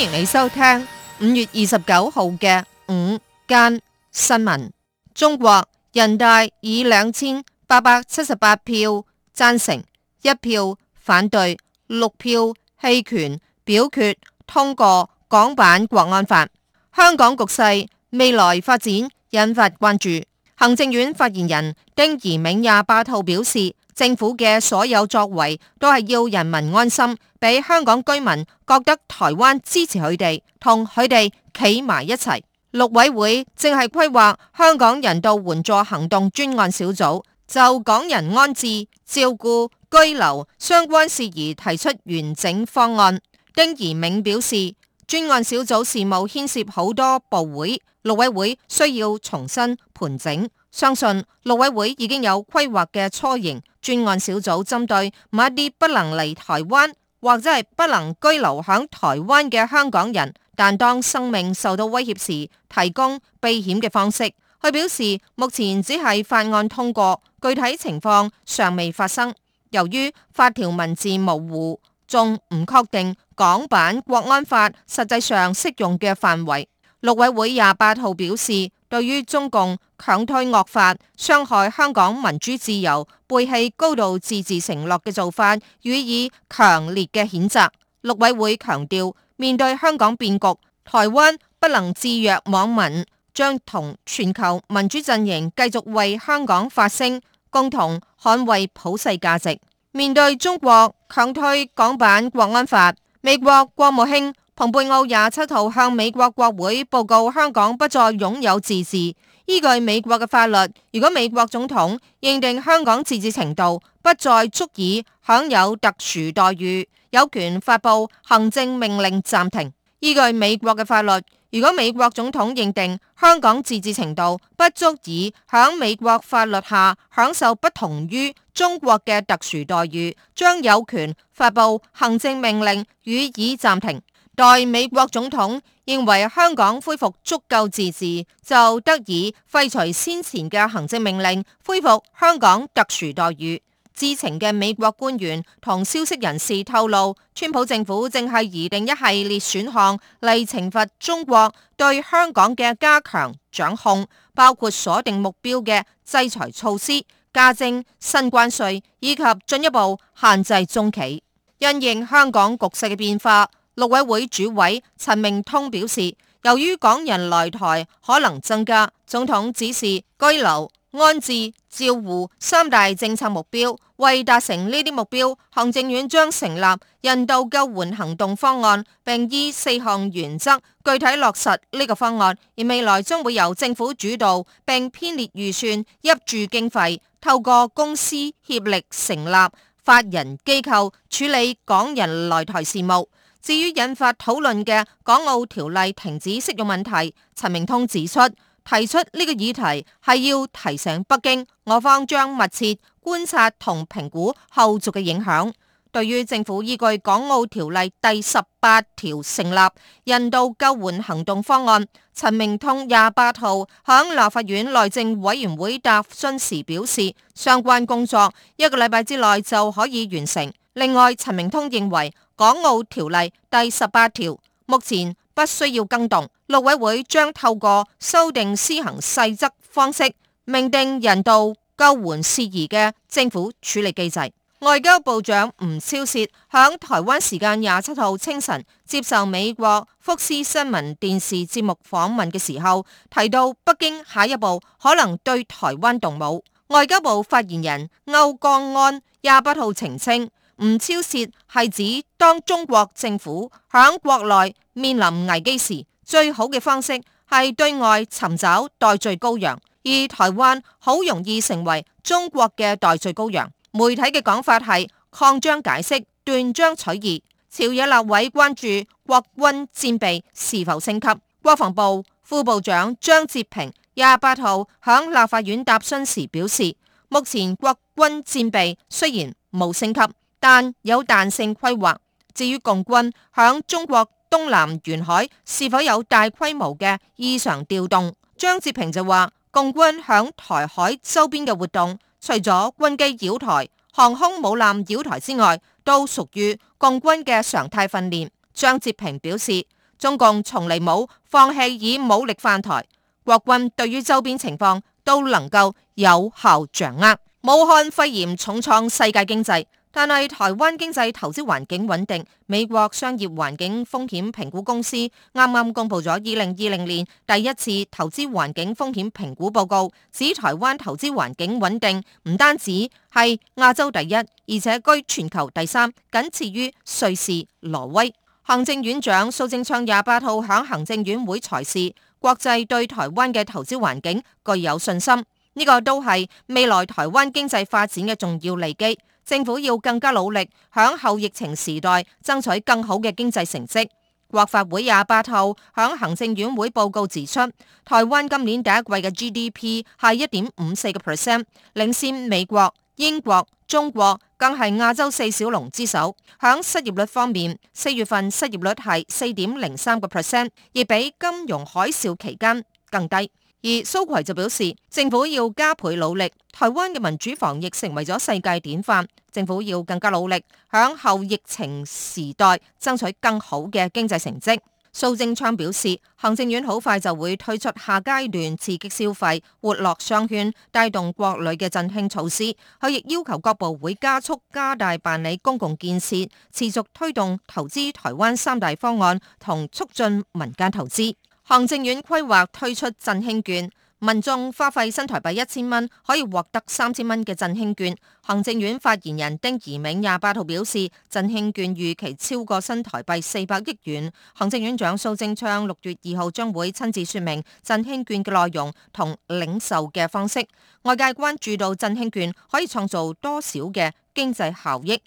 歡迎你收聽五月二十九號嘅午間新聞。中國人大以兩千八百七十八票贊成，一票反對，六票棄權表決通過港版國安法。香港局勢未來發展引發關注。行政院發言人丁怡銘廿八號表示，政府嘅所有作為都係要人民安心，俾香港居民覺得台灣支持佢哋，同佢哋企埋一齊。陸委會正係規劃香港人道援助行動專案小組，就港人安置、照顧、居留相關事宜提出完整方案。丁宜明表示，專案小組事務牽涉好多部會，陸委會需要重新盤整。相信陸委會已經有規劃嘅雛形。專案小組針對某一啲不能嚟台灣或者係不能居留響台灣嘅香港人，但當生命受到威脅時，提供避險嘅方式。佢表示，目前只係法案通過，具體情況尚未發生。由於法條文字模糊，仲唔確定港版國安法實際上適用嘅範圍。陸委會廿八號表示，對於中共強推惡法、傷害香港民主自由、背棄高度自治承諾嘅做法，予以強烈嘅譴責。陸委會強調，面對香港變局，台灣不能制約網民，將同全球民主陣營繼續為香港發聲，共同捍衛普世價值。面對中國強推港版國安法，美國國務卿。蓬佩奧廿七號向美國國會報告，香港不再擁有自治。依據美國嘅法律，如果美國總統認定香港自治程度不再足以享有特殊待遇，有權發布行政命令暫停。依據美國嘅法律，如果美國總統認定香港自治程度不足以喺美國法律下享受不同於中國嘅特殊待遇，將有權發布行政命令予以暫停。待美國總統認為香港恢復足夠自治，就得以廢除先前嘅行政命令，恢復香港特殊待遇。知情嘅美國官員同消息人士透露，川普政府正係擬定一系列選項嚟懲罰中國對香港嘅加強掌控，包括鎖定目標嘅制裁措施、加徵新關稅以及進一步限制中企，因應香港局勢嘅變化。陸委會主委陳明通表示，由於港人來台可能增加，總統指示居留、安置、照顧三大政策目標。為達成呢啲目標，行政院將成立人道救援行動方案，並依四項原則具體落實呢個方案。而未來將會由政府主導，並編列預算，入住經費，透過公私協力成立法人機構處理港人來台事務。至於引發討論嘅《港澳條例》停止適用問題，陳明通指出，提出呢個議題係要提醒北京，我方將密切觀察同評估後續嘅影響。對於政府依據《港澳條例》第十八條成立人道救援行動方案，陳明通廿八號響立法院內政委員會答詢時表示，相關工作一個禮拜之內就可以完成。另外，陳明通認為，《港澳條例》第十八條目前不需要更動，陸委會將透過修訂施行細則方式，明定人道救援事宜嘅政府處理機制。外交部長吳釗燮說，響台灣時間廿七號清晨接受美國福斯新聞電視節目訪問嘅時候，提到北京下一步可能對台灣動武。外交部發言人歐江安廿八號澄清。唔超洩係指當中國政府響國內面臨危機時，最好嘅方式係對外尋找代罪羔羊，而台灣好容易成為中國嘅代罪羔羊。媒體嘅講法係擴張解釋、斷章取義。朝野立委關注國軍戰備是否升級，國防部副部長張哲平廿八號響立法院答詢時表示，目前國軍戰備雖然冇升級。但有彈性規劃。至於共軍響中國東南沿海是否有大規模嘅異常調動，張哲平就話：共軍響台海周邊嘅活動，除咗軍機繞台、航空母艦繞台之外，都屬於共軍嘅常態訓練。張哲平表示，中共從嚟冇放棄以武力犯台，國軍對於周邊情況都能夠有效掌握。武漢肺炎重創世界經濟。但係台灣經濟投資環境穩定，美國商業環境風險評估公司啱啱公布咗二零二零年第一次投資環境風險評估報告，指台灣投資環境穩定，唔單止係亞洲第一，而且居全球第三，僅次於瑞士、挪威。行政院長蘇貞昌廿八號響行政院會裁示，國際對台灣嘅投資環境具有信心，呢個都係未來台灣經濟發展嘅重要利基。政府要更加努力，響後疫情時代爭取更好嘅經濟成績。國發會廿八號響行政院會報告指出，台灣今年第一季嘅 GDP 係一點五四個 percent，領先美國、英國、中國，更係亞洲四小龍之首。響失業率方面，四月份失業率係四點零三個 percent，亦比金融海嘯期間更低。而蘇揆就表示，政府要加倍努力，台灣嘅民主防疫成為咗世界典範，政府要更加努力，響後疫情時代爭取更好嘅經濟成績。蘇貞昌表示，行政院好快就會推出下階段刺激消費、活絡商圈、帶動國旅嘅振興措施。佢亦要求各部會加速加大辦理公共建設，持續推動投資台灣三大方案同促進民間投資。行政院規劃推出振興券，民眾花費新台幣一千蚊，可以獲得三千蚊嘅振興券。行政院發言人丁怡銘廿八號表示，振興券預期超過新台幣四百億元。行政院長蘇貞昌六月二號將會親自說明振興券嘅內容同領受嘅方式。外界關注到振興券可以創造多少嘅經濟效益，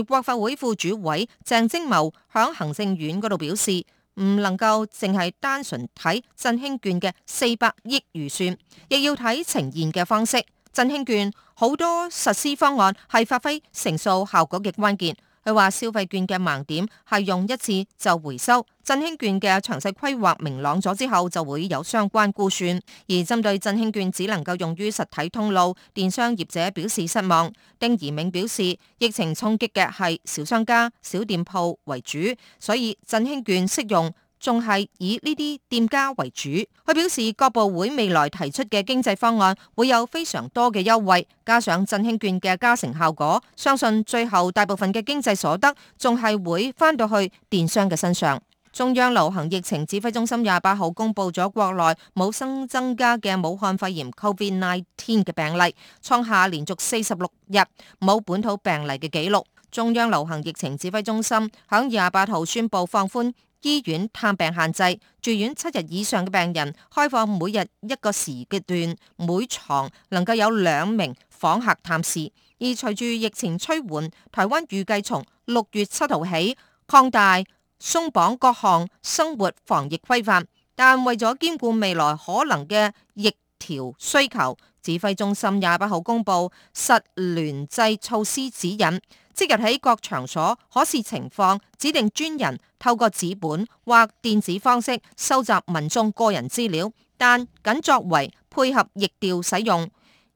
而國發會副主委鄭貞茂響行政院嗰度表示，唔能夠淨係單純睇振興券嘅四百億預算，亦要睇呈現嘅方式。振興券好多實施方案係發揮乘數效果嘅關鍵。佢話消費券嘅盲點係用一次就回收，振興券嘅詳細規劃明朗咗之後就會有相關估算。而針對振興券只能夠用於實體通路，電商業者表示失望。丁怡銘表示，疫情衝擊嘅係小商家、小店鋪為主，所以振興券適用。仲係以呢啲店家為主。佢表示，各部會未來提出嘅經濟方案會有非常多嘅優惠，加上振興券嘅加成效果，相信最後大部分嘅經濟所得仲係會返到去電商嘅身上。中央流行疫情指揮中心廿八號公布咗國內冇新增加嘅武漢肺炎 COVID-19 嘅病例，創下連續四十六日冇本土病例嘅紀錄。中央流行疫情指揮中心響廿八號宣布放寬醫院探病限制，住院七日以上嘅病人開放每日一個時段，每床能夠有兩名訪客探視。而隨住疫情趨緩，台灣預計從六月七號起擴大鬆綁各項生活防疫規範，但為咗兼顧未來可能嘅疫調需求，指揮中心廿八號公布實聯制措施指引。即日起，各場所可視情況指定專人透過紙本或電子方式收集民眾個人資料，但僅作為配合疫調使用，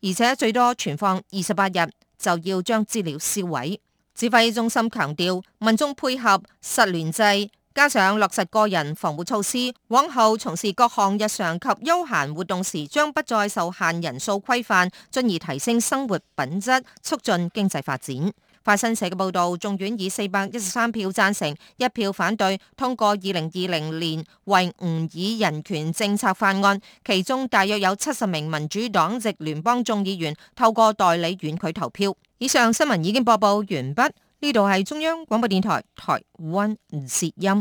而且最多存放二十八日，就要將資料銷毀。指揮中心強調，民眾配合實聯制，加上落實個人防護措施，往後從事各項日常及休閒活動時，將不再受限人數規範，進而提升生活品質，促進經濟發展。法新社嘅報道，眾院以四百一十三票讚成，一票反對通過二零二零年維吾爾人權政策法案，其中大約有七十名民主黨籍聯邦眾議員透過代理遠距投票。以上新聞已經播報完畢，呢度係中央廣播電台台灣之音。